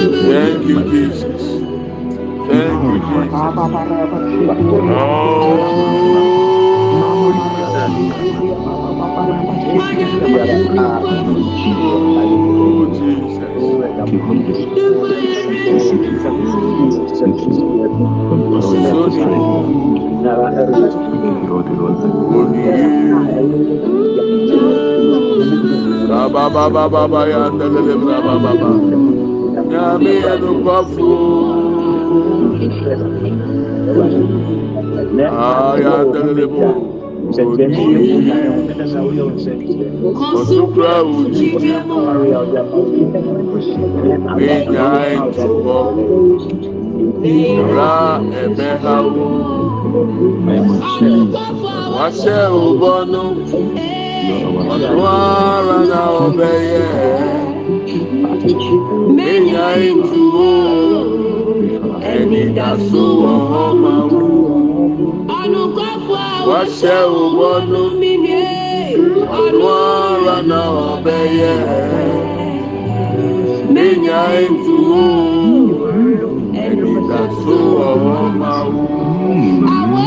Thank you, Jesus. Thank you, Jesus. Oh, Jesus. Oh, Jesus. Ba ba ba ba ba ba ya, ba ba ba ba. na meia do copo. Ai, até levou. Com é o de amor, venha em tubo, lá é berra o, mas é o bono, mas o ara na obeia. Menya into war, ẹni dasu ọhọ máa wú. Ọ̀nù kọ́pọ̀ àwọn ṣe òwònú mi ni ọ̀nù ọ̀rọ̀ náà ọbẹ̀ yẹ. Menya into war, ẹni dasu ọhọ máa wú. Àwọn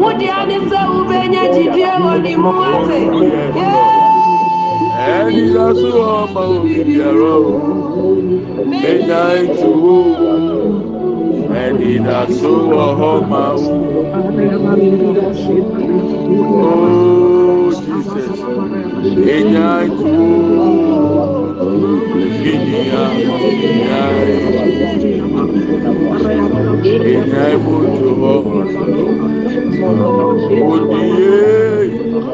wode ade sɛ wobɛnya gyidie wɔ ne mu ase ɛnisa so ɔma wo bibiara o menya etu wo ɛdida so wɔ hɔ ma wo o jesus enya etu wo. Virginia, Virginia, Virginia, enyaibu tohɔ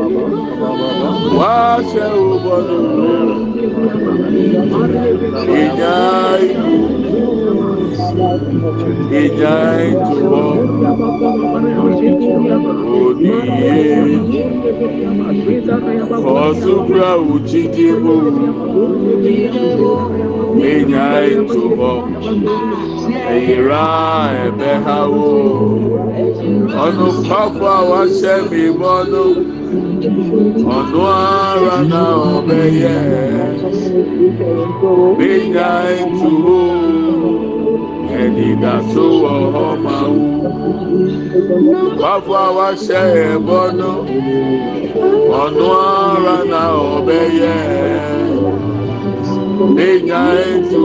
odiye wacɛ wubɔdowu enya bu enya tohɔ odiye kɔsugra wu citibu enyai tohɔ èyíra ebe ha wò ọnụ. Ọnụ wa sẹ́mi ara náà ọ̀bẹ yẹ gbígbà ètò ẹ̀dìgbà tó wọ̀ ọ́ máa wù pápá wa sẹ́ ẹ̀ bọ́nú ara náà ọ̀bẹ yẹ gbígbà ètò.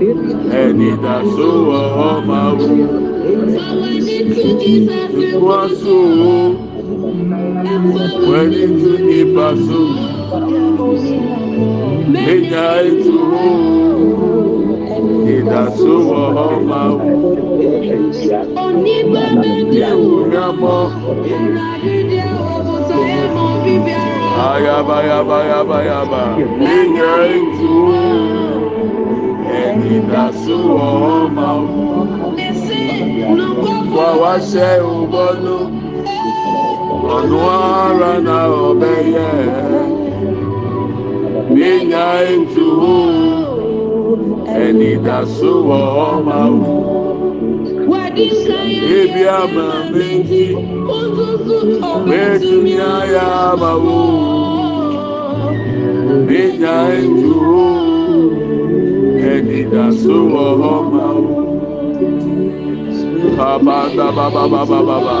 ẹni ìdásówọ́ ọmọ wù. Wọ́n sòwò wọ́n ní tún ní bàṣọ. Méjà ètò ìdásówọ́ ọmọ wù. Ìwúrí ọmọ. Ayaba ayaba ayaba yaba. Méjà ètò. Nitasuo mau Kwa wase ubono Anuara na obeye Ninya intuhu Enitasuo mau Ibi ama minti Metunya ya mawu Ninya intuhu megida suwo homa Baba da baba baba baba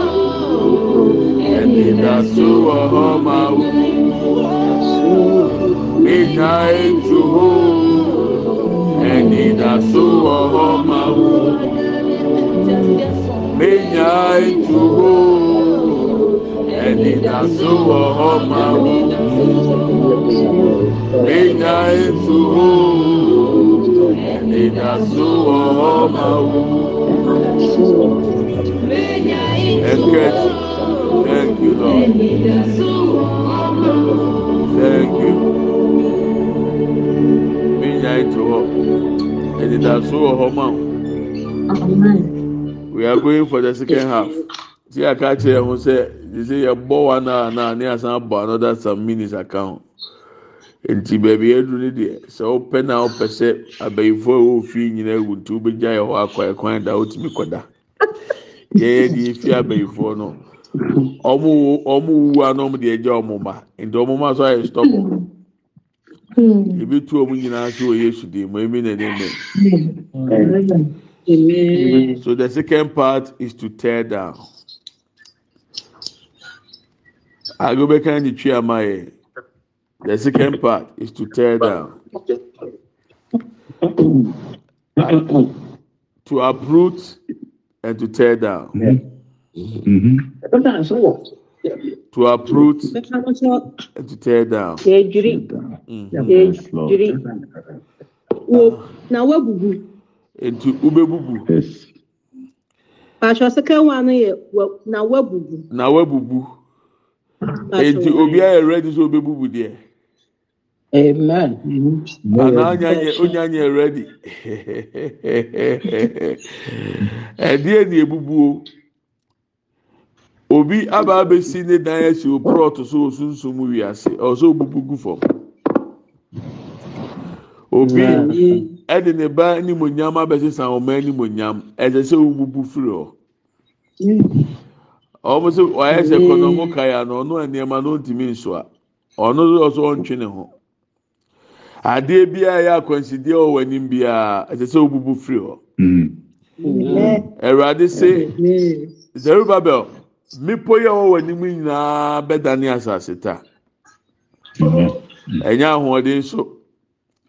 Megida suwo homa Ina etu ho Megida suwo homa Menya etu ho Megida suwo homa Menya etu ho Linyazuo mawu. Enket. Thank you, Lord. Thank you. Minya itu hɔ. Enidasu wɔ hɔ ma We are going for the second half. See, I catch ka kyerɛ say, you say you bought one now, hour na ne asan bɔ another some minutes account nti baabi edu ne deɛ sɛ ɔpɛ na ɔpɛ sɛ abɛɛfo a ɔfi nyinaa ewu nti ɔbɛgya yɛ hɔ akɔ ɛkwan da ɔtumi kɔda yɛyɛ deɛ efi abɛɛfoɔ no ɔmo ɔmo wu a ɔmo deɛ gya ɔmo ma nti ɔmo ma so ayɛ stɔbɔ hmm. ebi tu ɔmo nyinaa so ɔyɛ sudi mu emi na ɛde mɛ so the second part is to tear down agbɛbɛka ni twi ama yɛ. wbbnawbubu nti obiaa eradi sɛ wobɛbubu deɛ Amen. Ananya onye anya ready. Ɛdeɛ na ebubuo. Obi aba abesi ne dan esi oprɔt so osunsun ase ɔso obubu gu fam. Obi ɛde ne ba nimonyam abɛsesa ɔma nimonyam ɛsɛ sɛ obubu firi hɔ. Ɔmo sɛ ɔayɛ sɛ kɔnɔmo kaya na ɔno nneɛma no ntumi nsoa ɔno nso ɔntwe ne ho. adeɛ biara yɛ akwansideɛ wɔ w'anim biara ɛsɛ sɛ obubu firi hɔ awurade se zerubabel mmepɔ yi a wɔwɔ w'anim nyinaa bɛdane asase ta ɛnyɛ ahoɔden so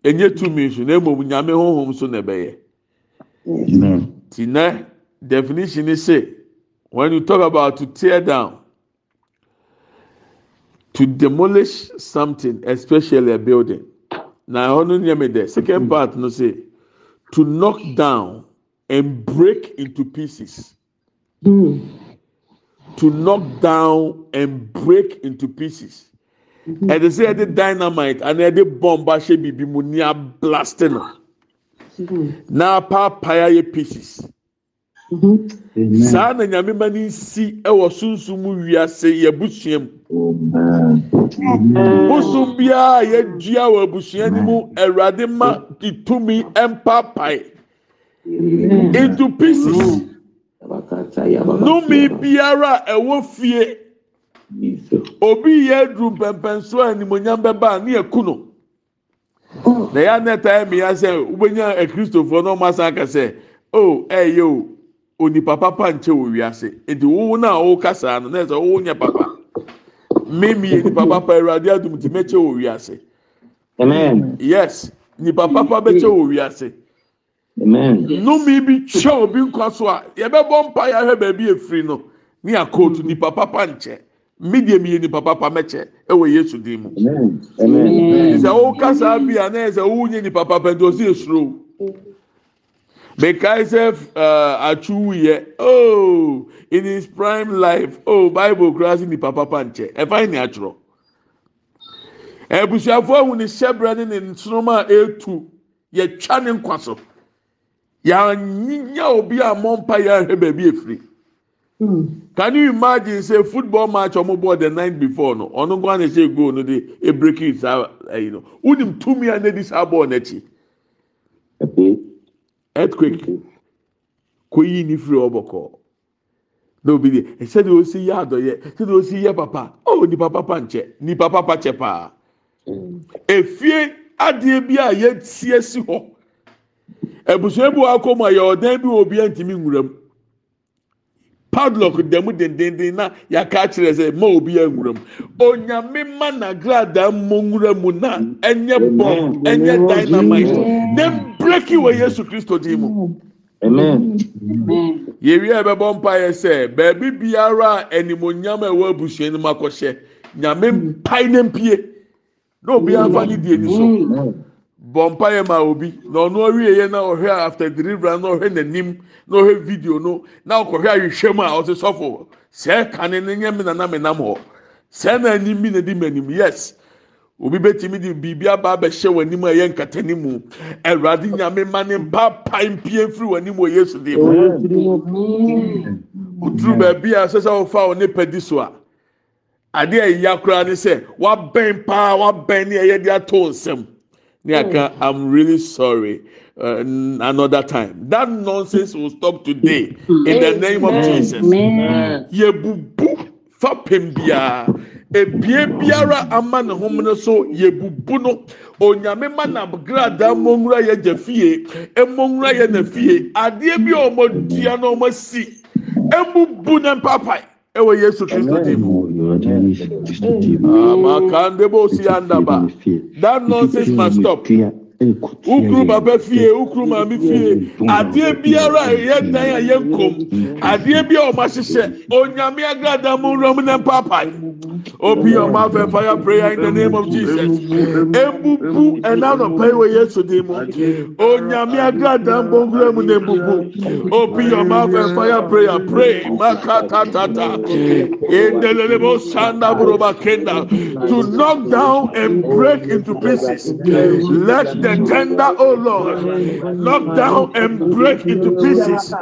ɛnyɛ tumi so na mmom nyame honhom so na ɛbɛyɛ ti nɛ definition say when you talk about to tear down to demolish something especially a building. naɛhɔ no neɛme de secɛn part no sɛ to nock down an break into pieces hmm. to nɔck down an break into pieces mm-hmm. ɛde sɛ yɛde dynamite anaa yɛde bɔmbe hyɛ biribi mu nneablaste no mm-hmm. na apa apaeayɛ pieces Mm-hmm. saa na nyame ma ne nsi wɔ sunsum mu wiase yɛ busua mu bosom biara a yɛadua wɔ abusua no mu awurade ma tumi mpaepae into pieces nnome biara a ɛwɔ fie obi yɛ aduru mpɛmpɛnso a animonyam bɛba a ne yɛku no oh. na yɛ anɛ taa mmea sɛ wobɛnya akristofoɔ na ɔmo asa aka o oh, ɛyɛ o onipa papa nkyɛ wɔ wiase nti wo na wo kasa no na ɛsɛ wo nyɛ papa mímí yɛ nipa papa awurade adum ti mɛkyɛ wɔ wiase amen yes nipa papa bɛkyɛ wɔ wiase amen numi bi kyɛ obi nkwa so a yɛbɛbɔ mpa yɛ ahwɛ baabi efiri no ne akootu nipa papa nkyɛ mídìí mi nipa papa mɛkyɛ ɛwɔ yesu dim amen sɛ wo kasa bi a na ɛsɛ wo nyɛ nipa papa nti o esuro mekae sɛ atwu yɛ oh in his prime life oh bible kura in the papa nkyɛ ɛfan ni atwerɛ abusuafoɔ ahu ne hyɛbrɛ ne ne nsoroma a etu yɛtwa ne nkwa so yanyinya obi a mɔmpa yɛahwɛ baabi efiri hmm. can you imagine say football match ɔmo bɔ the night before no ɔno nkwa na ɛhyɛ goal no de ebrekin saa ɛyi no wunim tumi a n'edi saa bɔɔl n'akyi earthquake kɔyi ni firi ɔbɔkɔ na obi de ɛsɛ de osi yɛ adɔyɛ ɛsɛ de osi yɛ papa oh nipa papa nkyɛ nipa papa kyɛ paa mm. efie adeɛ bi a yɛsiesie hɔ ebusua bi wɔ akɔ mu a yɛ ɔdan bi wɔ e obi a ntumi nwura mu. padlock da mu dendenden na yɛaka kyerɛ sɛ ma obi anwura mu onyame ma nagradaa mmɔ nwura mu na ɛnyɛ bɔn ɛnyɛ dynamite ne breki wɔ yesu kristo din mu yɛwie a ɛbɛbɔ mpaeɛ sɛ baabi biara a animonyam a ɛwɔ abusua nyame mpae ne na obi amfa ne die ni so bọmpaị mpaeɛ ma obi na ɔno awieɛ na ɔhwɛ after deliverance na ọhụrụ n'anim na ɔhwɛ video no na ɔkɔhwɛ ahwehwɛ mu a ɔte sɔfo sɛɛ kane ne nyɛ mena nam nam hɔ sɛɛ na anim bi na di m'anim yes obi bɛtumi de biribi aba abɛhyɛ wɔn anim a ɛyɛ nkata ne mu awurade nyame ma ne mpa pae mpie firi wɔn anim wɔ yesu de mu oturu baabi a sɛsɛ wɔfa wɔn nipa di so a adeɛ a akora ne sɛ wabɛn paa wabɛn ne ɛyɛ de ato nsɛm. Hmm. I'm really sorry. Uh, another time. That nonsense will stop today in the name of Jesus. Ebie biara ama so no. Onyame ma na grada fie. na fie. bi dua na ɛwɔ yesu kristo ah, di mu amakandebo si andaba that nonsense must stop ukuru baba fie ukuru maame fie adeɛ biara a yɛ dan a yɛ nkom adeɛ bi a ɔmo ahyehyɛ onyame agadamu nwura mu ne mpaapae. Open your mouth and fire prayer in the name of Jesus. Ebubu enano pewe yesu demo. Onyami Open your mouth and fire prayer. Pray. Makata tata. name of buroba kenda. To knock down and break into pieces. Let the tender, oh Lord, knock down and break into pieces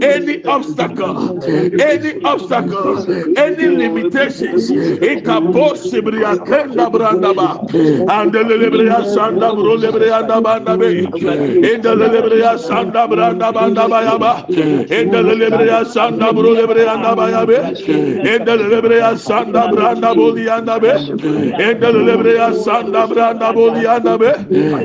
any obstacle, any obstacle, any limitations. Rikaposi Briakenda Brandaba, and the Libria Sanda Brulibrianda be, in the Libria Sanda Branda ba in the Libria Sanda Brulibrianda Bayabe, in the Libria Sanda Branda Buliandabe, in the Libria Sanda Branda ba Buliandabe,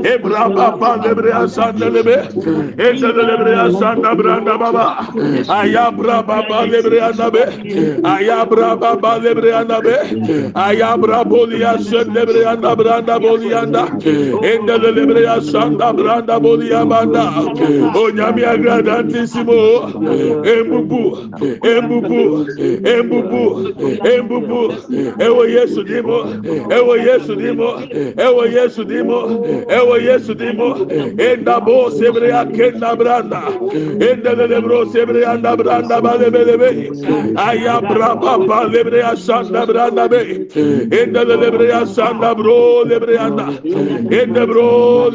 Ebraba Pandebria Sanda Lebe, in the Libria Sanda Branda ba ba, Baba, Ayabra Baba Librianda Be, Ayabra Baba Librianda Be, ayabra poli ya sɛn leebreyandabranda boliyanda endɛlelebreyasanda branda boliya banda o yami agradantisimo embubu embubu embubu embubu ewe yesu dimo ewe yesu dimo ewe yesu dimo ewe yesu dimo endabosi ebreya kedabranda endɛlelebrosebreyanabradabalebelebei ayabra papa lebryasab labe enda lebreya sanda bro lebreyanda enda bro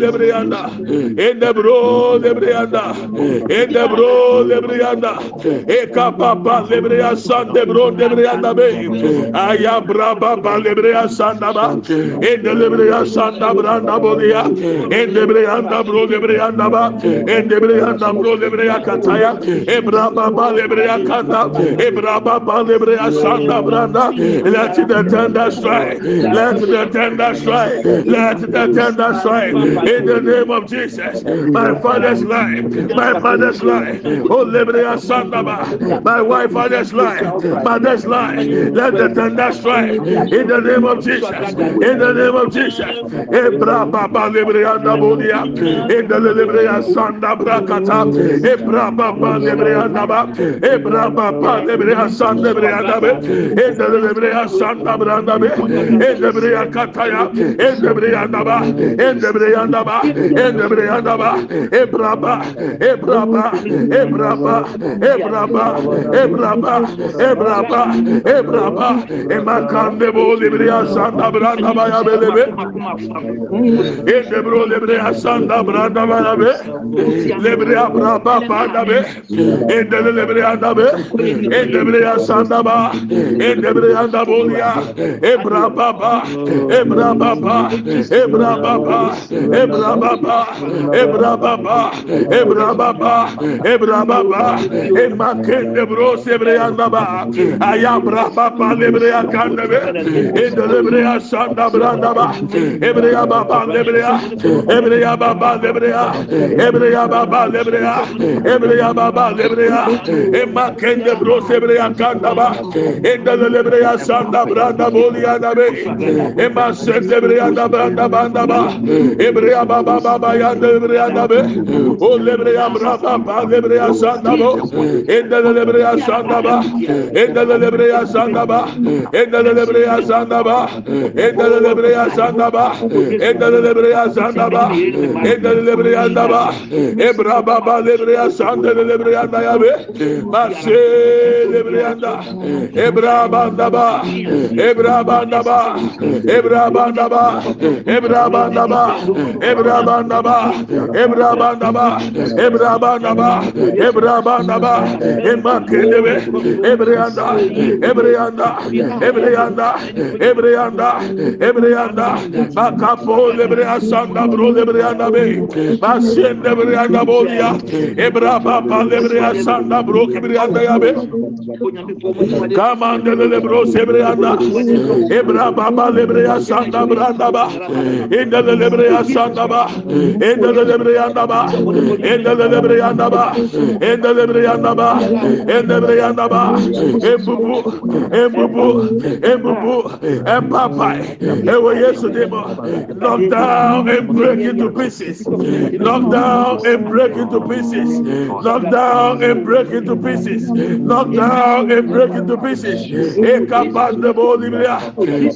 lebreyanda enda bro lebreyanda enda bro lebreyanda e kapapa lebreya sanda bro lebreyanda be aya braba ba lebreya sanda ba enda lebreya sanda branda bolia enda lebreyanda bro anda ba enda lebreyanda bro lebreya kataya e braba ba lebreya kanda e braba ba lebreya sanda branda Let the tender strike. Let the tender strike. Let the tender strike. In the name of Jesus. My father's life. My father's life. Oh, Liberia Sandaba. My wife, father's life. Mother's life. Let the tender strike. In the name of Jesus. In the name of Jesus. Ebra eh, Baba Liberia Nabudia. In the Liberia Sanda Brakata. Ebra eh, Baba Liberia Naba. Ebra eh, Baba Liberia Sanda Liberia Naba. In the Liberia Santa branda be. Ende bre ya kataya. Ende bre ya naba. Ende bre ya naba. Ende bre ya naba. Ebraba. Ebraba. Ebraba. Ebraba. Ebraba. Ebraba. Ebraba. Emakande bo libre ya Santa branda ba ya bele be. Ende bro libre ya Santa branda ba ya be. Libre ya braba ba da be. Ende libre ya da be. Ende bre ya Santa ba. Ende bre ya da bo Hallelujah. Ebra baba, ebra baba, ebra baba, ebra baba, ebra baba, ebra baba, ebra baba, ebra kende bro sebreyan baba. Aya bra baba lebreya kanda be. Ede lebreya sanda branda ba. Ebreya baba lebreya, ebreya baba lebreya, ebreya baba lebreya, ebreya baba lebreya. Ebra kende bro sebreya kanda ba. Ede lebreya sanda branda bolia da be ema sende brianda branda banda ba ebria baba baba yanda brianda be o lebria braba ba lebria sanda bo enda lebria sanda ba enda lebria sanda ba enda lebria sanda ba enda lebria sanda ba enda lebria sanda ba enda lebria sanda ba ebra baba lebria sanda lebria da ya be ma se lebria da ebra banda ba Ebrabandaba, Ebrabandaba, Ebrabandaba, Ebrabandaba, Ebrabandaba, Ebrabandaba, Ebrabandaba, Emakilebe, Ebreyanda, Ebreyanda, Ebreyanda, Ebreyanda, Ebreyanda, Bakapo, Ebreyasanda, Bro, Ebreyanda, Be, Basien, Ebreyanda, Bolia, Ebrababa, Ebreyasanda, Bro, Ebreyanda, Yabe, Kamandele, Bro, Ebreyanda, Libra, Ebra Baba Librea Santa Brandaba, in the Librea Santaba, in the Libreandaba, in the Libreandaba, in the Libreandaba, in the Libreandaba, Ebubu, Ebubu, Ebubu, and Papa, Ewe Yesudemo, knock down and break into pieces, knock down and break into pieces, knock down and break into pieces, knock down and break into pieces, Ekabanda. de bodi bria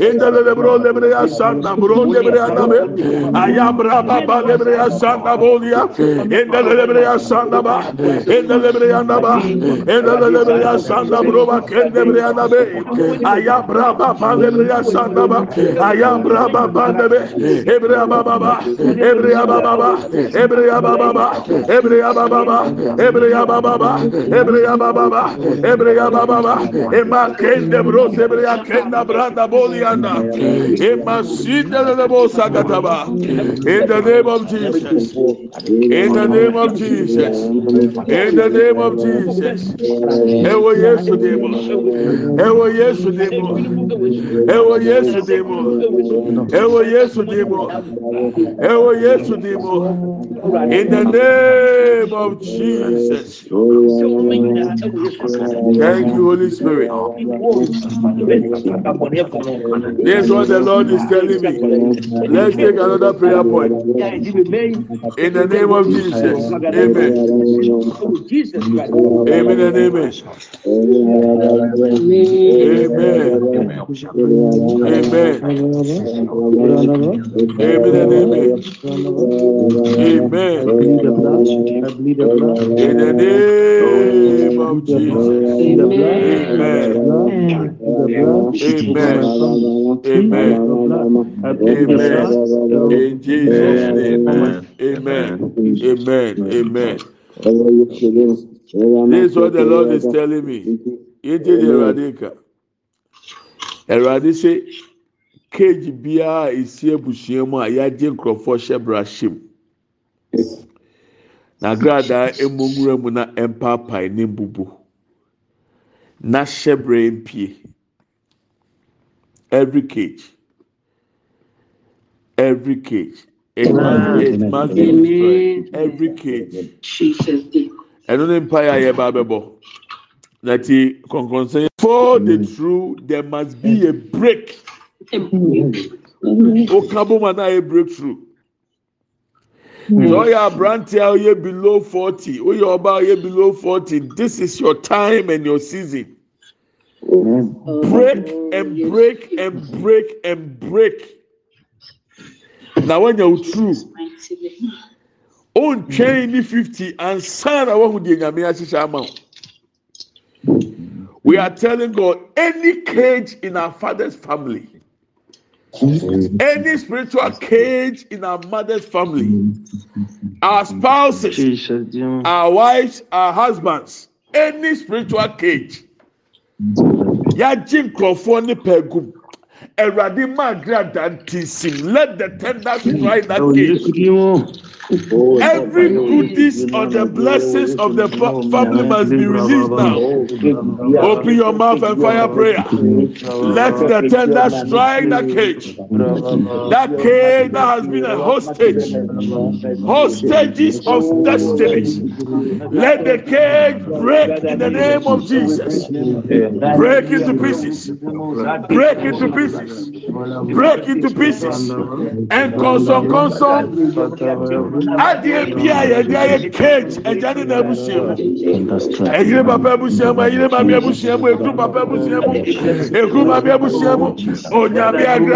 indele de bro de bria santa bro de bria nabe ayabra baba de bria santa bodia indele de bria santa ba indele de bria ba, indele de bria santa bro ba kende bria nabe ayabra baba de bria santa ba ayabra baba de be ebria baba ba ebria baba ba ebria baba ba ebria baba ba ebria baba ba ebria baba ba ebria baba ba ba, ema kende bro de bria kenda branda bolianda e masita da bosa kataba in the name of Jesus in the name of Jesus in the name of Jesus ewo yesu demo ewo yesu demo ewo yesu demo ewo yesu demo ewo yesu demo in the name of Jesus thank you Holy Spirit this is what the Lord is telling me. Let's take another prayer point. In the name of Jesus. Amen. Amen and amen. Amen. Amen. Amen and amen. Amen. In the name of Jesus. Amen. Amen. Amen. Amen. In Jesus' name. Amen. Amen. Amen. This is what the Lord is telling me. It is Eradika. Eradi say, keji biara esi ebusua mu a yagye nkurɔfoɔ hyɛ brahye mu. Na gradaa emu nwura mu na mpaepae ne Na hyɛ brɛ every cage every cage it must it must be destroyed every cage ẹnu ní mpa yà yẹ bá bẹ bọ na ti for the truth there must be a break o kan bó ma náà yẹ break through lọ́yà hmm. aberanteɛ below forty oyè ọba oyè below forty this is your time and your season. break and break and break and break. Now when you're true, on chain the 50 and son amount. We are telling God any cage in our father's family, any spiritual cage in our mother's family, our spouses, our wives, our husbands, any spiritual cage. yagye nkurɔfoɔ ne pɛɛgum awurade maa grada ntinsim let the tender cry that day. Every goodness or the blessings of the family must be released now. Open your mouth and fire prayer. Let the tender strike the cage. That cage that has been a hostage. Hostages of destiny. Let the cage break in the name of Jesus. Break into pieces. Break into pieces. Break into pieces. And consume, consume adeɛ yɛde ayɛ ne mu ɛyere papa abusua mu ɛyere maame abusua mu ekuru papa abusua mu ekuru maame abusua mu onyame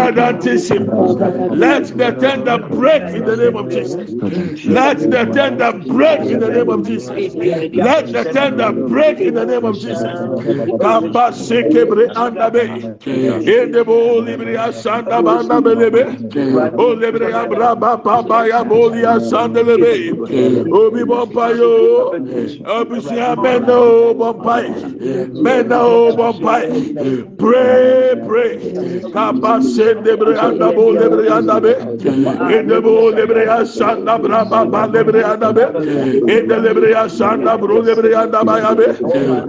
let the tender break in the name of jesus let the tender break in the name of jesus let the tender break in the name of jesus kamba sekebre andabe asanda papa ya boli sandelebe ee, obi bompayo abusia mena o meno mena o bompai pray pray kaba sendebre anda bo debre anda be ende bo bre asanda braba ba debre anda be ende debre asanda bro debre anda ba ya be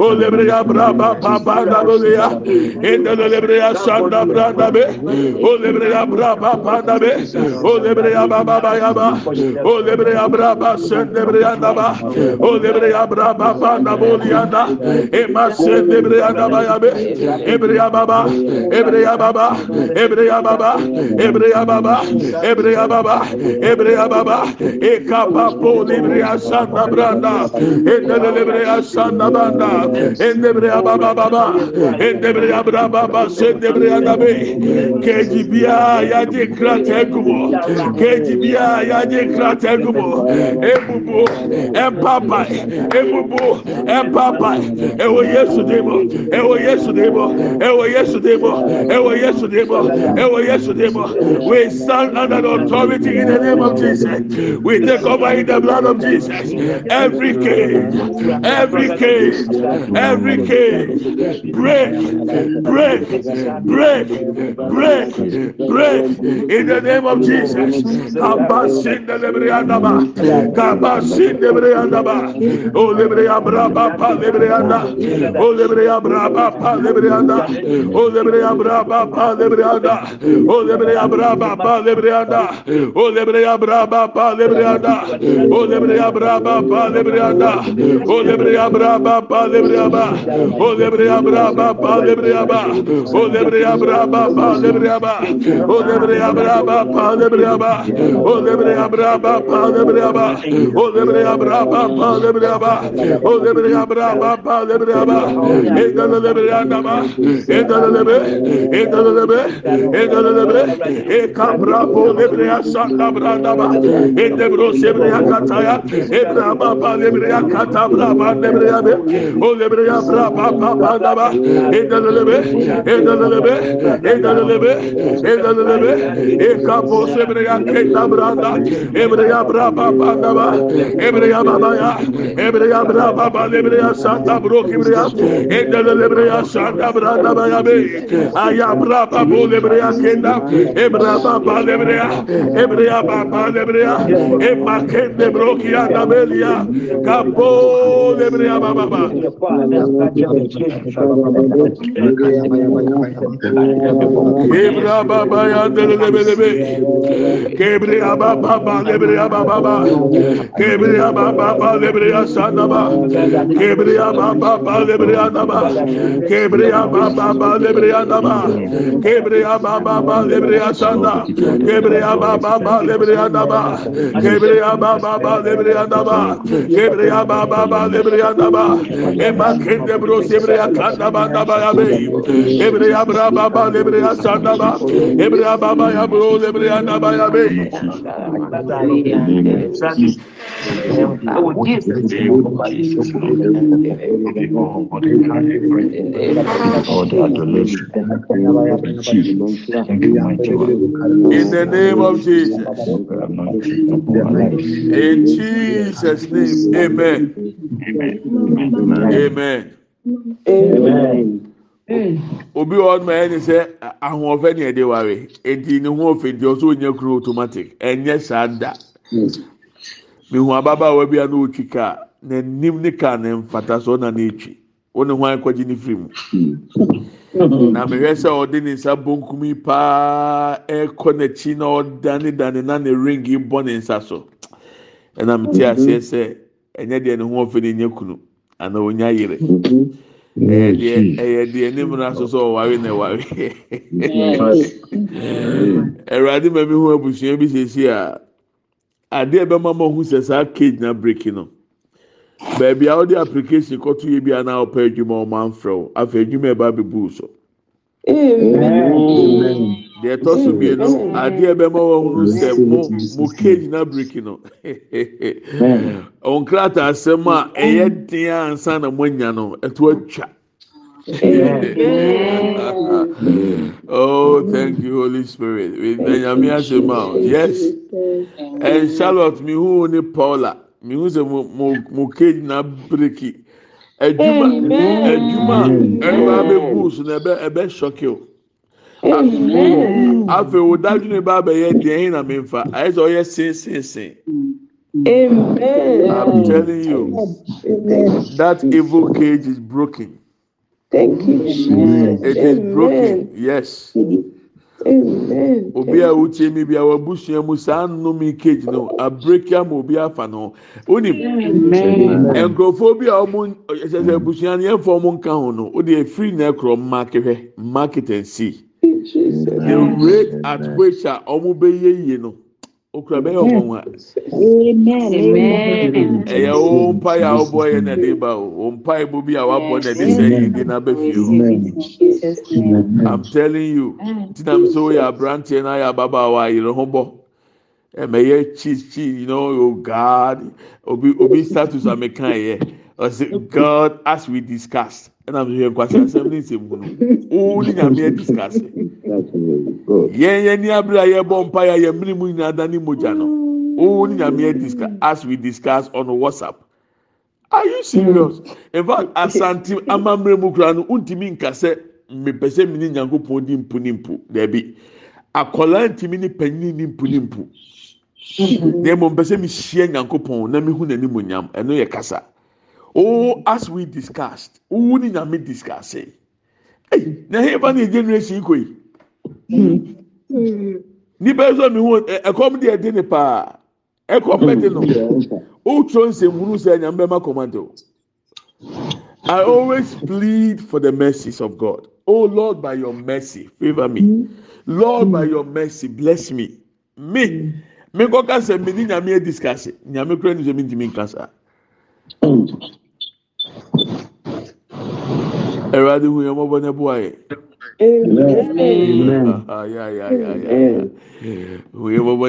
o debre braba ba ba da bo ya ende debre asanda branda be o debre braba ba da be o debre ba ba ba ya ba o o lebre abraba sen lebre andaba. O lebre abraba bana bolianda. Ema sen lebre andaba yabe. Ebreya baba. Ebreya baba. Ebreya baba. Ebreya baba. Ebreya baba. Ebreya baba. Ekapa po lebre asanda branda. Endele lebre asanda banda. Endebreya baba baba. Endebreya braba baba sen lebre andabe. Kejibia ya de krate kubo. Kejibia ya de krate ategubo ebubu empapa ebubu empapa ewo yesu debo ewo yesu debo ewo yesu debo ewo yesu debo ewo yesu debo we stand under the authority in the name of jesus we take over in the blood of jesus every cage every cage every cage break break break break break in the name of jesus abashin the kabasilebreaaba oebrabrabapabraa oebrabraba paebraa oebrabraba paebraa oebreabraba paebreaa olebreabraba pabraa orabraa ara obrabrabaa rabar rabraaaraa pa de bria ba o de bria bra pa pa de bria ba o de bria bra pa pa de bria ba e da de bria da ba e da de be e da de be e da de be e ka bra po de bria sa da bra da ba e de bro se bria ka ta ya e bra ba pa de bria ka ta bra ba de bria be o de bria bra pa pa pa da ba e da de be e de be e de be e de be e ka po se bria e Ebreya braba bandaba. Ebreya baba ya. Ebreya braba baba. Ebreya santa brok ebreya. Endele ebreya santa branda baya be. Aya braba bu ebreya kenda. Ebreya baba ebreya. Ebreya baba ebreya. Emma kende brok ya da belia. Kapo ebreya baba baba. Ebreya baba ya dele bele be. Ebreya baba baba ebreya erbebra kebrabalebrea sada kebraebrdaba kebrealebradaba kebreababbalebreadaba emakendebros ebrea kadabadabayabe ebreabrababalebreasadaba ebriababayabro lebreadabayabei in the name of Jesus. In Jesus' name, amen. Amen. Amen. obi wɔ ɔduma yɛ ni sɛ ahoɔfɛ ni ɛde ware eti ne ho ofe di ɔso onye kuro automatic ɛnyɛ saa da. mehu ababaawa bi a na otwi kaa n'anim ne kaa ne mfata so na n'ekyi wọn ne ho akɔgye ne firi mu na mehwɛ sɛ ɔde ne nsa bonkumi paa ɛkɔ n'akyi na ɔdanedane na ne ringi bɔ ne nsa so ɛnam te aseɛ sɛ ɛnyɛ deɛ ne ho ɔfɛ ne nyɛ kunu ana onya yere ɛyɛ deɛ ɛyɛ deɛ ne mmira so sɛ ɔware na ɛware ɛwurade ma mi ho abusua bi sɛ si a. adeɛ bɛma ma ɔhu sɛ saa cage na break no baabi a ɔde application kɔto yɛ bi anaa ɔpɛ adwuma ɔmo anfrɛ wo afɛ adwuma ɛba abebu so. deɛ ɛtɔ so bie no adeɛ bɛma ɔhu sɛ mo mo cage na break no ɔnkrataa asɛm a ɛyɛ den ansa na mo anya no ɛto atwa. oh, thank you, Holy Spirit. With Benjamin Ashema, yes. And Charlotte, me who ni Paula, me who se mo mo cage na breaky. Ejuma, ejuma, ẹnba bẹ boost na ẹbẹ ẹbẹ shock you. Ah, Afei wo dájú ni bá bẹ yẹ diẹ yín na mi nfa, ayé sọ yẹ sínsínsín. Amen. I'm telling you, that evil cage is broken. Thank you, Jesus. It is broken. Yes. Amen. obi a wotie mi bi a wabusua mu saa nnome cage no abirika ma obi afa no onim nkurɔfoɔ bi a wɔn ɛsɛsɛ abusua no yɛn fa wɔn nka ho no o de efiri na ɛkorɔ mmaaki hwɛ market the rate at which a wɔn bɛyɛ yie no okura bɛyɛ ɔmo nwa ɛyɛ wo mpa yɛ a wobɔ yɛ na ɛde ba o wo mpa e yɛ bo bi a wabɔ na ɛde sɛ yi di na bɛfie o i'm telling you tina mi sɛ woyɛ aberanteɛ na ayɛ ababaawa ayere ho bɔ eh, ɛmɛyɛ cheese cheese you know oh god obi obi status a meka yɛ ɔsi god as we discussed ɛna mi yɛ nkwasi asɛm ne nsɛm mu no oo ne nyame yɛ diskase yɛn yɛn ni abiri a yɛbɔ mpa yɛ yɛn mmiri mu nyinaa da ne mogya no oo ne nyame yɛ discuss as we discuss on whatsapp are you serious in fact asante amammerɛ mu kura no ntumi nkasɛ mepɛ sɛ mi ne nyanko pɔn di mpu ne mpu dɛbi akɔla ntumi ne panyin ne mpu ne mpu na emu mpɛ sɛ mi hyia nyanko pɔn na mi hu n'anim nyam ɛno yɛ kasa oh as we discussed wo oh, ni nyame discuss ɛ eh. na hɛn ba ni generation kɔ yi nipa sɔ mi hu ɛkɔm e, e, deɛ ɛdi ni pa. ɛkɔm e bɛ di no mm, o tro nsɛmunu sɛ nyame bɛ ma command o i always plead for the mercies of god oh lord by your mercy favour me mm. lord by mm. your mercy bless me me mi kɔ kasa mi ni nyame discuss nyame kura ni sɛ mi mi nkasa. awde huamɔbɔ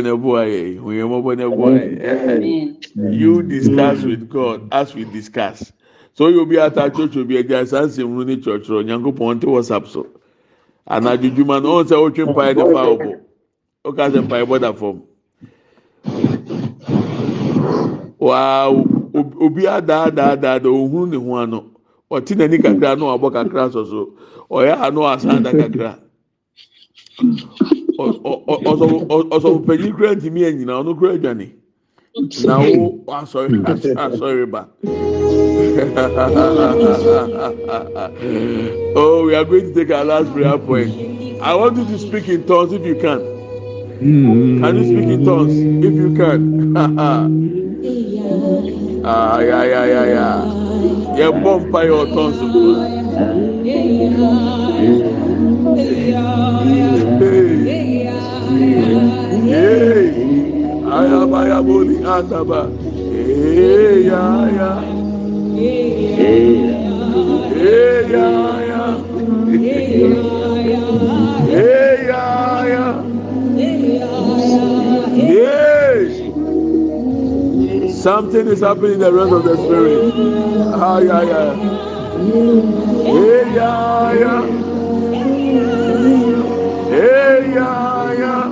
no boaɛg assɛyɛobiatakyerotwobi ayasaanesɛhnu no kyerɔkyerɔ nyankopɔ ɔnte wasapso anae dwuma no u sɛ wotwe mpe no fabɔ woka sɛ mpebɔdafam obi adaadadaada ɔhuu ne ho ano ɔte n'ani kakra na wabɔ kakra nso so ɔyɛ ano asanda kakra ɔsɔfo panyin kura ntumi yɛ nyinaa ɔno kura adwane na wo asɔre asɔre ba oh we are going to take our last prayer point i want you to speak in tongues if you can hmm. can you speak in tongues if you can ah yeah yeah yeah yeah. yɛbɔ mpa yɛ ɔtɔn so kuma ayaba yabo ni ataba eyaya eyaya eyaya eyaya. Something is happening in the realm of the spirit. Ah, yeah, yeah. Hey, yeah, yeah. Hey, yeah, yeah.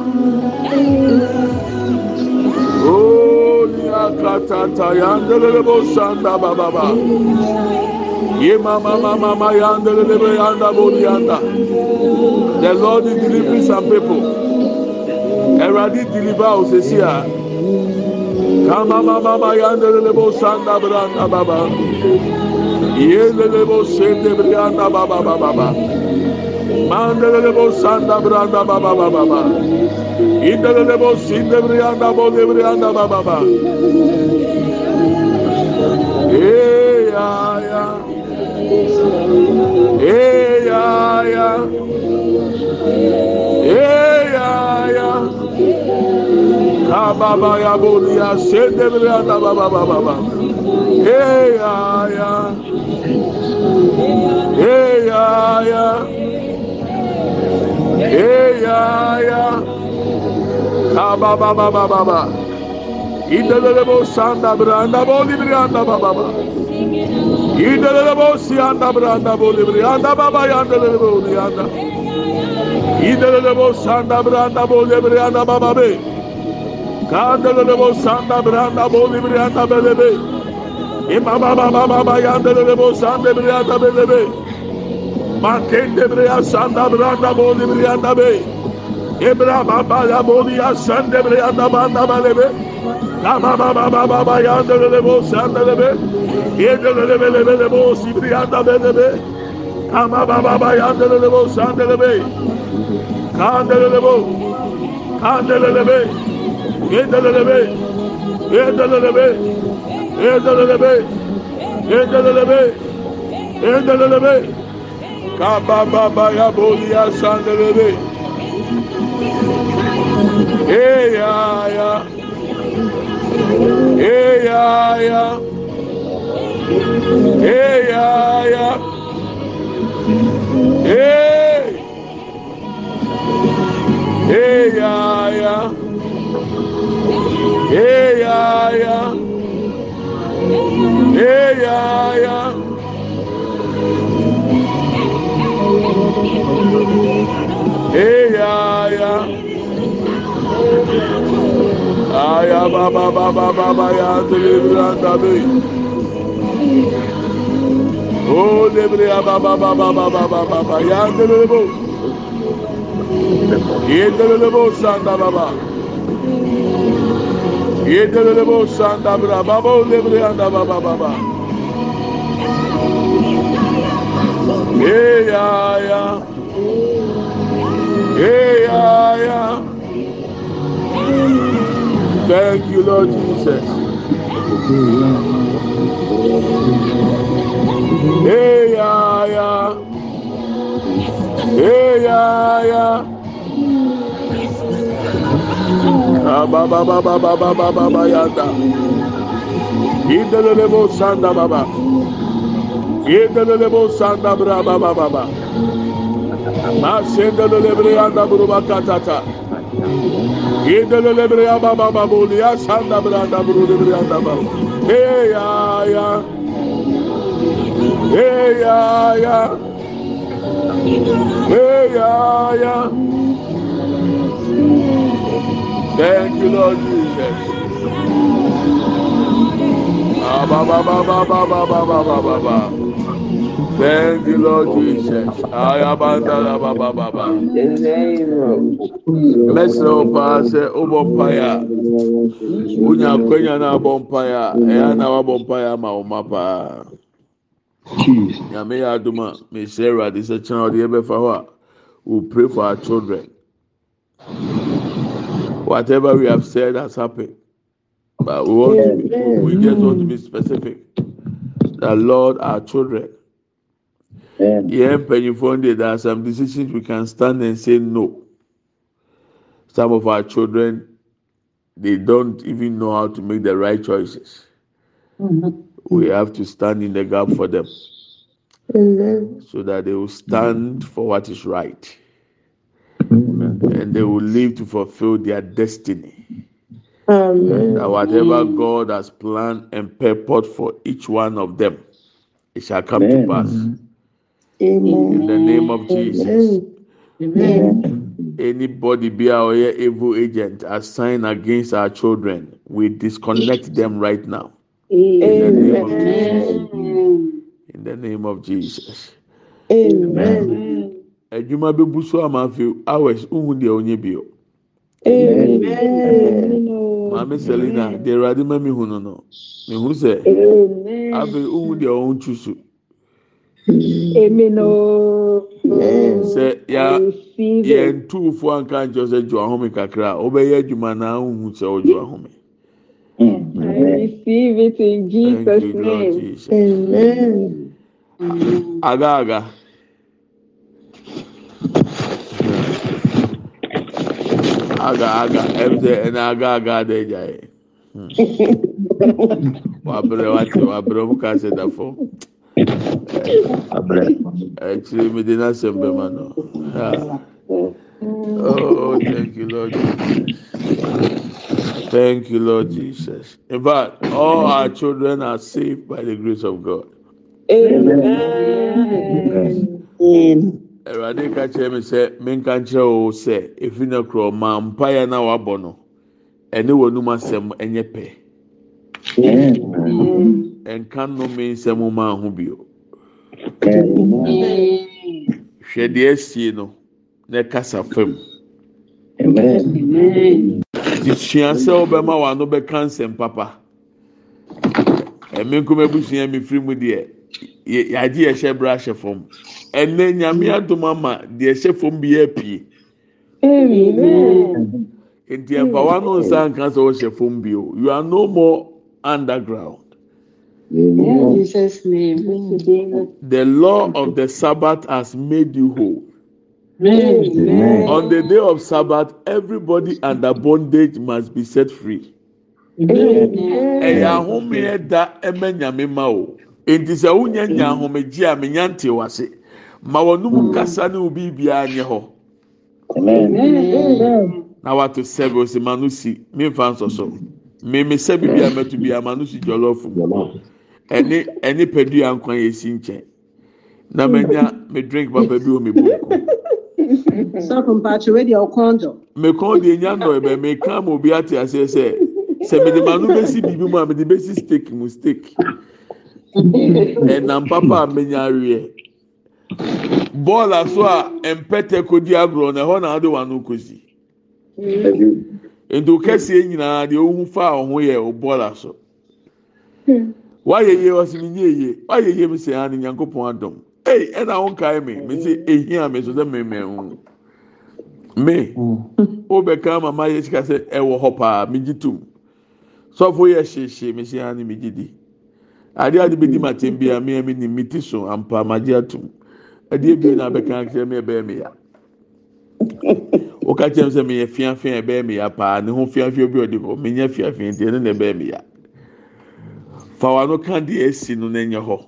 Oh, Yakatata, Yandelebo Sanda Baba. Yema mama mama yandelebo yanda bodi anda. The Lord is delivering some people. Eradi deliver osesi a. Kama mama mayandere de bosanda branda baba. Yende de bosende branda baba baba baba. Mandele de bosanda branda baba baba baba. İndele de bosinde branda bode branda baba baba. Ey ya ya. Ey ya ya. Ey ya ya. kababayaboniasende biriandaba eyaya eyaya eyaya kabababababa idelele bosanda biranda boli brianda bababa idelede bosi anda biranda boli brianda babayandelele boniyanda İdelele bol sanda branda bol debriyanda baba be. Kandelele bol sanda branda bol debriyanda bele be. İma baba baba baba yandelele bol sanda branda bele be. Manten debriya sanda branda bol debriyanda be. İbra baba ya bol a sanda branda banda bele be. Ama baba baba baba yandelele bol sanda be. İdelele bele bele bol sibriyanda bele be. Ama baba baba yandelele bol sanda be. Kandelelebo, Kandelelebe, Yedelelebe, Yedelelebe, Yedelelebe, Yedelelebe, Yedelelebe, Kababa Yabolia Sandelebe. ya yeah, yeah. Hey, yeah, yeah. Hey, yeah, yeah. Hey. ey eya eyya eyya ayabaaba yatelebrandabei odebreyabaa yatelelebo baba Hey Hey Thank you Lord Jesus. Hey ya ya. Hey ya ya. Baba baba baba baba baba yanda. İndelele bol sanda baba. İndelele bol sanda bra baba baba. Ma sendelele bre yanda buru bakatata. İndelele bre ya baba baba bol ya sanda bra da buru bre yanda baba. Hey ya ya. Hey ya ya. Hey ya ya. Thank you, Lord Jesus. Thank you, Lord Jesus. I am under Baba Baba. Let's hope I say, Oh, Bompire. Unya Kenya na Bompire. Eya na wa Bompire ma umapa. Nyame ya aduma, me Sarah, this a channel, the Ebefa, who pray for our children. whatever we have said has happened. But we, want to we just want to be specific. The Lord, our children. Yeah, Pennyfonde, there are some decisions we can stand and say no. Some of our children, they don't even know how to make the right choices. Mm-hmm. We have to stand in the gap for them so that they will stand for what is right and they will live to fulfill their destiny. Amen. whatever God has planned and purposed for each one of them, it shall come Amen. to pass. Amen. In the name of Jesus. Amen. Anybody be our evil agent assigned against our children, we disconnect them right now. Amen. In the name of Jesus. Amen. adwuma bɛbu so ama afei hours uhu deɛ onye bio maame selina deɛ awurade ma mi hu no no mi hu sɛ afei uhu deɛ ɔn tu so sɛ ya yɛn tuufo anka nkyɛn sɛ jo ahome kakra ɔbɛyɛ adwuma na ahuhu sɛ ɔjo ahome. I receive it in Jesus' name. Amen. Aga aga. aga aga ɛm sɛ ɛna aga aga ada gya yɛ wabrɛ wate wabrɛ mu ka sɛ da fam ɛkyerɛ mi de n'asɛm bɛ ma no oh thank you lord jesus thank you lord jesus in fact all our children are saved by the grace of god amen. amen. awurade ka kyerɛ mi sɛ menka nkyerɛ wo sɛ efi ne korɔ maa mpaeɛ na wabɔ no ɛne wɔn anum asɛm ɛnyɛ pɛ ɛnka nnome nsɛm maa ho bio hwɛ deɛ esie no na ɛkasa fam tisua sɛ ɔbɛma wɔn ano bɛka nsɛm papa ɛmi nkɔmɛ busua mi firi mu deɛ yagye yɛhyɛ bra hyɛ fam ɛnɛ nyame adom ama deɛ ɛhyɛ fam bi apue nti ɛbawa no nsa nka sɛ ɔhyɛ fam bi o you are no more underground. Amen. Jesus name. The law of the Sabbath has made you whole. Amen. On the day of Sabbath, everybody under bondage must be set free. Ẹ̀yà ahomeɛ da ɛmɛ nyame ma o. Èdìsẹ́ wúnyẹ̀ nyà ahomegye a mìnyà ntì wá sí ma wɔnom kasa ne obi biara nyɛ hɔ na wato sɛbi o si ma no si mi nfa nsɔsɔ mímí sɛbi bi amɛto bi ama no si jɔlɔfo ɛne ɛne pɛdua nkwan yɛ si nkyɛn na mɛ nya mi drink papa bi wɔ mi bu nko. sɔfo mpatsɛ wei deɛ ɔkɔn dɔ. mekɔn deɛ nya nɔ ɛbɛ mekan ma obi ate aseɛ sɛ sɛ mede ma no besi biribi mu a mede besi steak mu steak ɛnam papa a menya awie. bọọlụ asọ a mpete kodi agorɔ na ɛhɔ na adi wɔn ano kosi ndu kɛseɛ nyinaa deɛ ohu fa ọhụ ya bọọlụ asọ wayɛ yie ɔsi mi nye eye wayɛ yie mi sɛ ha ni nyanko pɔn adɔm ee ɛna ahụ kae mi mi sɛ ehi a mi sɛ sɛ mɛmɛ ho mi o mama ya sika sɛ ɛwɔ hɔ paa mi gyi tum sɔfo yɛ hyehyɛ mi sɛ ha ni mi gyi di adeɛ adi bi di ma tɛm bi a mi yɛ mi ni mi ti so ampa ma gyi atum. ɛdeɛ bi na abɛka kyerɛ mi ɛbɛyɛ mi ya woka kyerɛ mi sɛ mi yɛ fiafia ɛbɛyɛ mi ya paa ne ho fiafia bi ɔdi hɔ mi nyɛ fiafia nti ɛne na ɛbɛyɛ mi ya fawano kan deɛ esi no n'enye hɔ.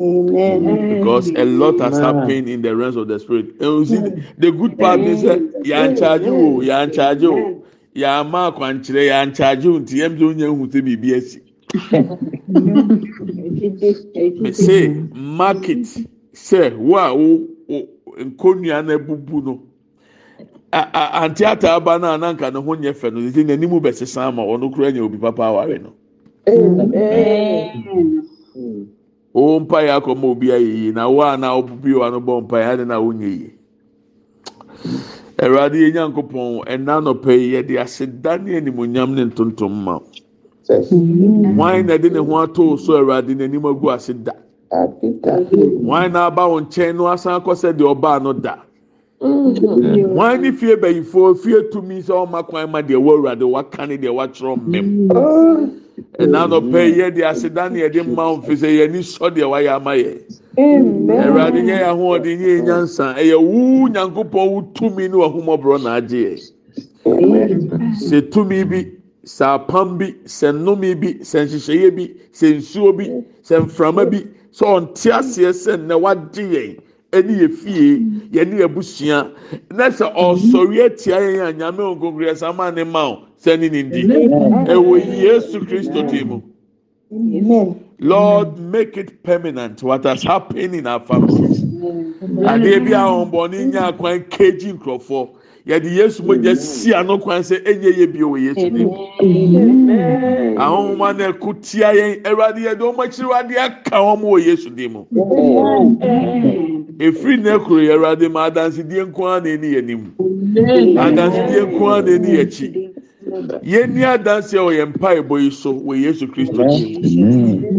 Amen. Because a lot has happened in the realms of the spirit. And you see, the good part is that yàn charge o, yàn charge o, yàn ama akwankyerɛ, yàn charge o, nti yɛn bi o nyɛ nhun sɛ biribi esi. Mese market. sɛ wo a wo nkonnua no abubu no ante ata aba na a nanka ne ho nyɛ fɛ no nti n'anim bɛsesa ama ɔno kura nya obi papa aware no wo mpa yɛ akɔma obi ayɛ yie na wo a na ɔbubu yɛ ano bɔ mpa ya ade na wonyɛ yie awurade yɛ nyankopɔn ɛna nɔpɛ yi yɛde ase dane animonyam ne ntontom ma wan na de ne ho ato so awurade n'anim agu ase da wọn na aba wọn nkyɛn no asan kɔ sɛ deɛ ɔbaa no da mm-hmm. wọn ni fie bɛyifo fie tumi sɛ ɔma kwan ma deɛ wɔwura deɛ waka ne deɛ wakyerɛ mmɛm mm-hmm. ɛna nɔpɛ yɛ deɛ aseda ne yɛde mma wɔn fi sɛ yɛn ni sɔ deɛ wayɛ ama yɛ ɛwurade nyɛ yɛn ahoɔden nyɛ yɛn nyansa ɛyɛ wuu nyankopɔn wuu tumi ne wɔahomɔborɔ na agye yɛ sɛ tumi bi sɛ apam bi sɛ nnome bi sɛ nhyehyɛeɛ bi sɛ nsuo bi sɛ mframa bi. So ɔnte aseɛ sɛ na wagye yɛn ɛne yɛ fie yɛne yɛ busua na sɛ ɔsɔre atia yɛn a nyame nkonkoro yɛ sama ne ma o sɛ ne ne di ɛwɔ yesu kristo ti mu. Lord, make it permanent. What has happened in our families? Adeɛ bi a ɔnbɔnni nya kwan keji nkurɔfoɔ yɛde yesu mogya si ano kwan sɛ ɛnyɛ yɛ bio wɔ yesu dim ahohoma no ɛko tia yɛn awurade yɛde wɔn akyiriwade aka wɔn wɔ yesu dim efiri ne kuro yɛ awurade ma adansidie nko ara na ɛni yɛ anim adansidie nko ara na ɛni yɛ akyi. mpaebɔ yi so wɔ yesu kristo pɛn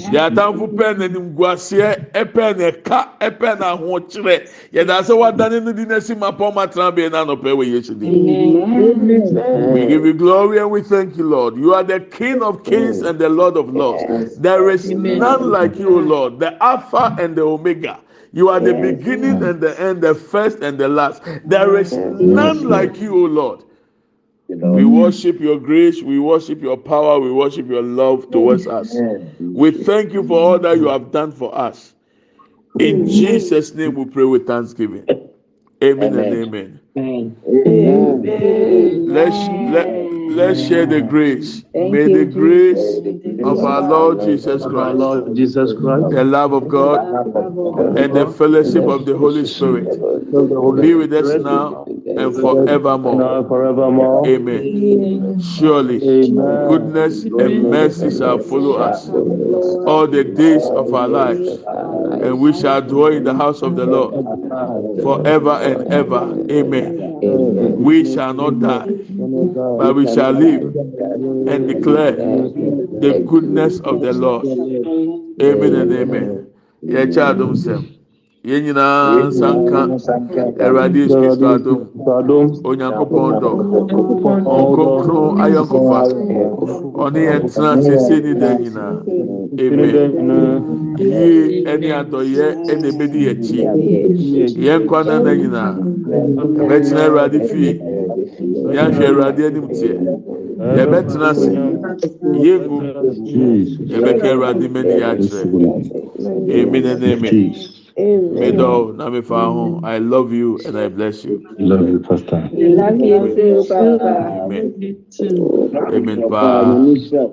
na ɛpɛn na ɛka ɛpɛn na ahoɔkyerɛ yɛdaase wadane no di n'asi ma pɔn ma tena wɔ yesu we give you glory and we thank you lord you are the king of kings and the lord of lords there is none like you lord the alpha and the omega. You are the beginning and the end, the first and the last. There is none like you, Lord. You know? We worship your grace, we worship your power, we worship your love towards us. We thank you for all that you have done for us. In Jesus' name we pray with thanksgiving. Amen, amen. and amen. amen. amen. Let's, let, Let's share the grace. May the grace of our Lord Jesus Christ, Lord Jesus Christ, the love of God, and the fellowship of the Holy Spirit be with us now and forevermore. Amen. Surely, goodness and mercy shall follow us all the days of our lives, and we shall dwell in the house of the Lord forever and ever. Amen. We shall not die, but we shall shall live and declare the goodness of the Lord. Amen and amen. Yẹ kya adum sẹm. Yẹn nyinaa nsa nka Ẹwurade Yesu Kristo adum. Onyankopɔn dɔ. Nkonkron ayɔnkofa. Ɔne yɛn sese ni denina yie ɛne adɔyɛ ɛna ebedi yɛkyi yɛn nkɔ anan nyinaa ɛbɛgyina awurade fie yɛahwɛ awurade anim teɛ yɛbɛtena ase yegu yɛbɛka awurade mɛni yɛakyerɛ emi ne Amen. mi. Medo, Namifahu, I love you and I bless you. Love you, Pastor. Love you too, Amen. Amen. Amen, Amen. Amen. Amen. Amen. Amen. Amen.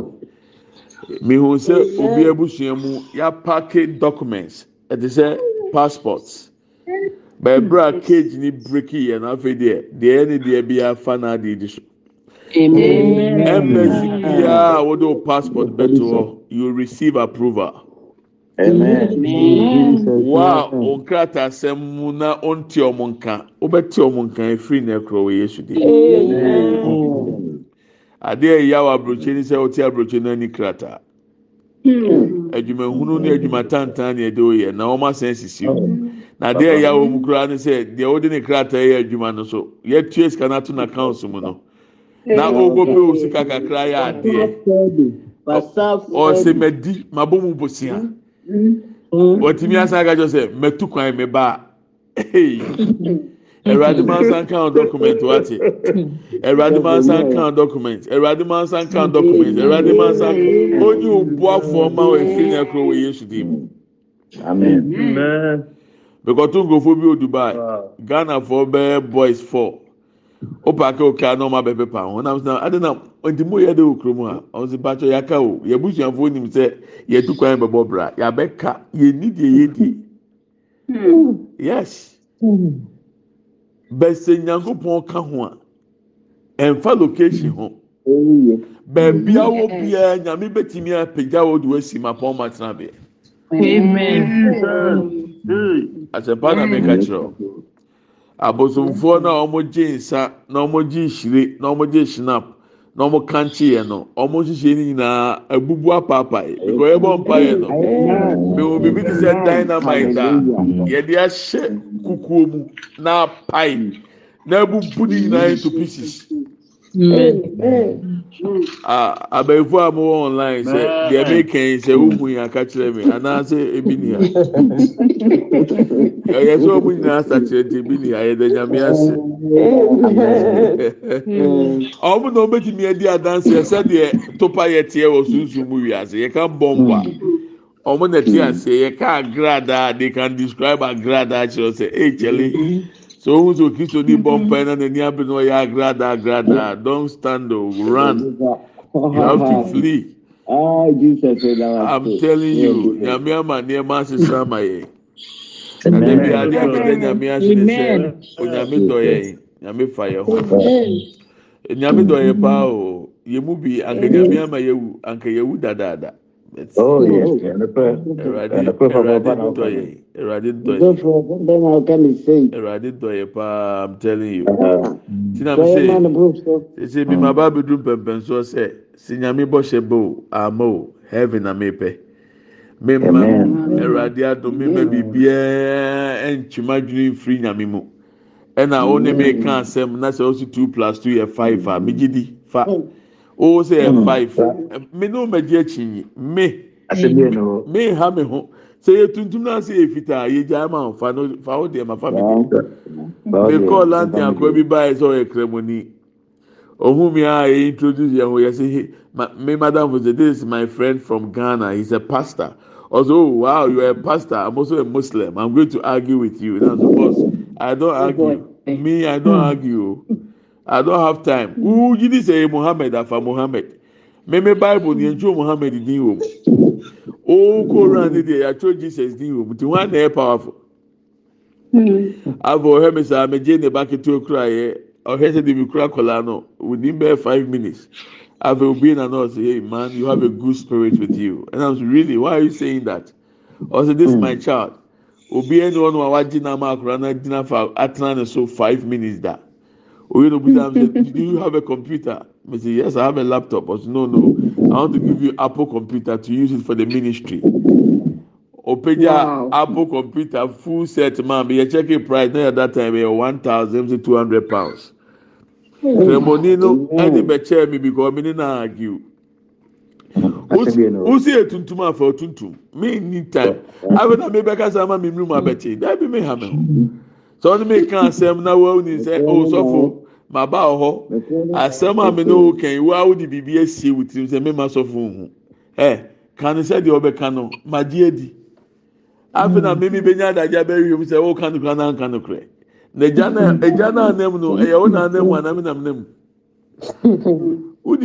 mihuu sɛ obi abusua mu yɛpake documents ɛte sɛ passports bɛbrɛ cage ne breki ɛ no afeideɛ deɛ ɛne deɛ biaa fa noadeyi di so mbes biaa a wode o passport bɛte hɔ you receive approval wo a onkrataasɛm mu na onte mo nka wobɛte mo nka ɛfiri no ɛkorɔ wɔ yɛsu di adeɛ ɛyɛ wɔ aburokyi ni sɛ ɔte aburokyi no ani krataa hmm. adwumahunu ne adwuma tantan ne ɛde oyɛ na wɔn asan sisi o na adeɛ ɛyɛ wɔ mu koraa ne sɛ deɛ ɔde ne krataa yɛ adwuma no so yɛtue sika no ato n'account mu no na ɔgɔ pe o sika kakra yɛ adeɛ ɔsɛ mɛdi mabɔ mu bosia hmm. Hmm. wɔtumi asan akakyɛ sɛ mɛtu kwan mɛ ee. awurade man san kan document wate awurade man san kan document awurade man san kan document awurade man san onye obuafoɔ ma wɔn efiri na kuro wɔ yesu dim bɛkɔtɔ nkurɔfoɔ bi wɔ dubai ghana foɔ bɛyɛ boys four o paaki o kaa n'ɔma bɛ pepa wɔn nam sinna adi na nti mo yɛ de o kurom ha ɔn si baatɔ yaka o yabusuafoɔ nim sɛ yɛtu kwan bɛ bɔ bra yabɛ ka yɛ ni deɛ yɛ die yes. Hmm bɛsɛ nyankopɔn ka ho a ɛnfa location ho baabi awo biara nyame bɛtumi apagya wo de wasi ma pɔn ma tena beɛ asɛmpa na meka kyerɛ abosomfoɔ na wɔn gye nsa na wɔn gye nhyire na wɔn gye shinap na wɔn kankye yɛ no wɔn nhyehyɛ ne nyinaa abubu apaapae because ɛbɔ mpa yɛ no mɛ wɔ biribi ti sɛ dynamite a yɛde ahyɛ kukuo mu na apae na ebubu ne nyinaa into pieces. abayifo a mo wɔ online sɛ deɛ mi kɛn sɛ ohun yi aka kyerɛ mi anaasɛ ebi ni ha ɛyɛ sɛ ɔmo nyinaa asa kyerɛ ti ebi ni ha yɛ dɛ nyame ase ɔmo na ɔmo ti mi adi adansi ɛsɛ deɛ topa yɛ teɛ wɔ sunsun mu wi ase yɛ ka bɔ mbɔ a ọmụ na-eti ase hmm. yɛ ka agradaa they can describe agradaa kyerɛ sɛ ee kyɛlɛ so ohun so kristo ni bɔ mpa hmm. na n'ani abiri na ɔyɛ agradaa agradaa don stand up, run you have to flee ah, oh, i'm telling you nyame ama nneɛma asesa ama yɛ na dɛbi adi akata nyame ahyɛ sɛ onyame dɔ yɛn nyame fa yɛ ho nyame dɔ yɛ paa o yɛ mu bi anka nyame ama yɛ wu anka yɛ wu dadaada awurade dɔyɛ paa i'm telling you ah, ti na mi sɛ ɛsɛ ah. mi ma ba bi du pɛmpɛnsoɔ sɛ si nyame bɔ hyɛ bo ama o heaven na mi pɛ mi ma awurade adum mi ma bi biara ɛntuma dwiri firi nyame mu ɛna o ne mi ka asɛm na sɛ o si two plus two yɛ five a mi gyi di fa. Mm -hmm o sɛ yɛ hmm. five me ne o ma di akyi yi me me ha me ho sɛ yɛ tuntum na sɛ yɛ fitaa yɛ gya ma fa no fa o deɛ ma fa mi di me kɔɔ lantin akora bi baa yɛ sɛ ɔyɛ kremoni ohun mi a yɛ introduce yɛn ho yɛ sɛ he madam for say this is my friend from Ghana he is a pastor also oh, wow you are a pastor I'm also a Muslim I'm going to argue with you now so I don't argue me I don't hmm. argue i don't have time wúú yìí ní sẹ́yìn muhammed afa muhammed mímí bible ní ẹ̀jú muhammed dín wò mu ó kóran ní di ẹ̀yà jesus dín wò mu tí wọ́n á nà powerful. abọ ọhẹ mi sá mi jẹ ní bá kẹtẹ okura yẹ ọhẹ sẹ de mi kura kọla nọ within bẹẹ five minutes afẹ obi na nurse say hey man you have a good spirit with you and i'm really why are you saying that also this is my hmm. child obi ẹni wọn wá jí náà máa kura náà jí náà fa atena ne so five minutes that. Oyinobu Dam said, Do you have a computer? I say Yes, I have a laptop. But No, no. I want to give you Apple computer to use it for the ministry. Opeja wow. Apple computer full set man, be a checking price now at that time be one thousand two hundred pounds. The money no ẹni bẹ chair, me because me ni na argue. O si yẹ tuntum for tuntum Me ni time. Abena mi bẹ kasa ama mi mu abẹ That be me hama So Sọ ni mi kan asẹm na wọ́n ni sẹ o oh, sọfo. ma ba wɔ hɔ asɛm a mi ne wo kɛn wo awo de biribi asie wo tirim sɛ mema sɔfo ho ɛ kan sɛ deɛ ɔbɛka no ma gye edi afei na mimi benya adagye abɛwie mu sɛ wo kan kura na nka no korɛ na egya na na anam no ɛyɛ wo na anam nam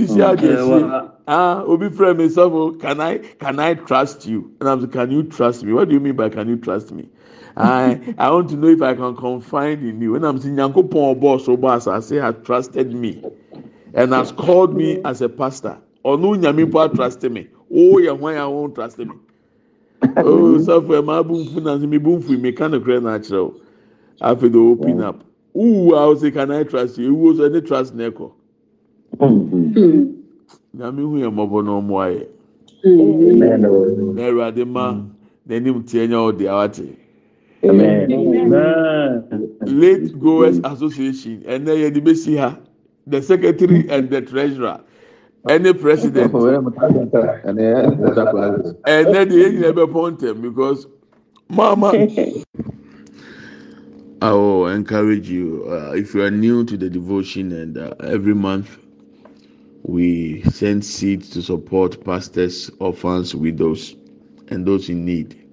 si adi esi uh, ah obi fira mi sɔfo can i can i trust you and i'm can you trust me what do you mean by can you trust me. I I want to know if I can confide in you. When I'm saying Nyankopon boss, I say has trusted me and has called me as a pastor. Onu Nyamipo trusted me. Oh yeah, why I won't trust me. Oh, so for my boomfu na me boomfu me kind of great natural. After the open up. Ooh, I was say can I trust you? Who was any trust neko? Nyame hu yɛ mmɔbɔ na ɔmo ayɛ. Na ɛwurade ma n'anim tie nya ɔdi awate. Amen. Late Goers Association, and then you see her, the secretary and the treasurer, and the president. and then the age never point appointed because Mama. I will encourage you uh, if you are new to the devotion, and uh, every month we send seeds to support pastors, orphans, widows, and those in need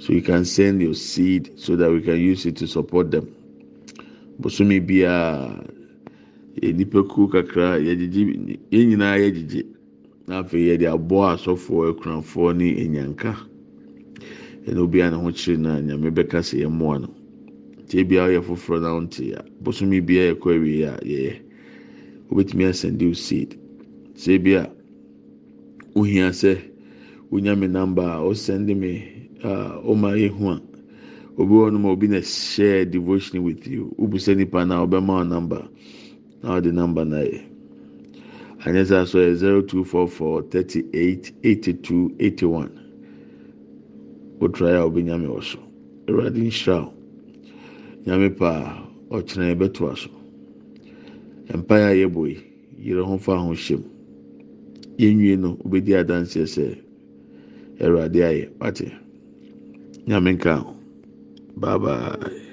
so you can send your seed so that we can use it to support them bosomi biara nipakuo kakra yɛgyegye yɛn nyinaa na afei yɛde aboa asɔfoɔ akuranfoɔ ne enyanka ɛna obiara ne ho na nyame bɛka sɛ yɛn no tie biara yɛ foforɔ na ɔnte ya. Bosumi bia yɛkɔ awie ye. yɛyɛ wobɛtumi asɛnde o seed tie bia ohia sɛ wonya me namba a ɔsɛnde me. a ihu a obi wɔ ma obi na share devotion with you ubusa nipa na ɔbɛma ọ namba na ọ namba na yɛ anyɛ sɛ aso yɛ zero two four obi nyame wɔ so adị nhyira o nyame paa ɔkyerɛ yɛ bɛto aso sọ a ya yi yɛrɛ ho fa ho hyɛ mu nwie no sɛ ayɛ wate. nyame nka bye bye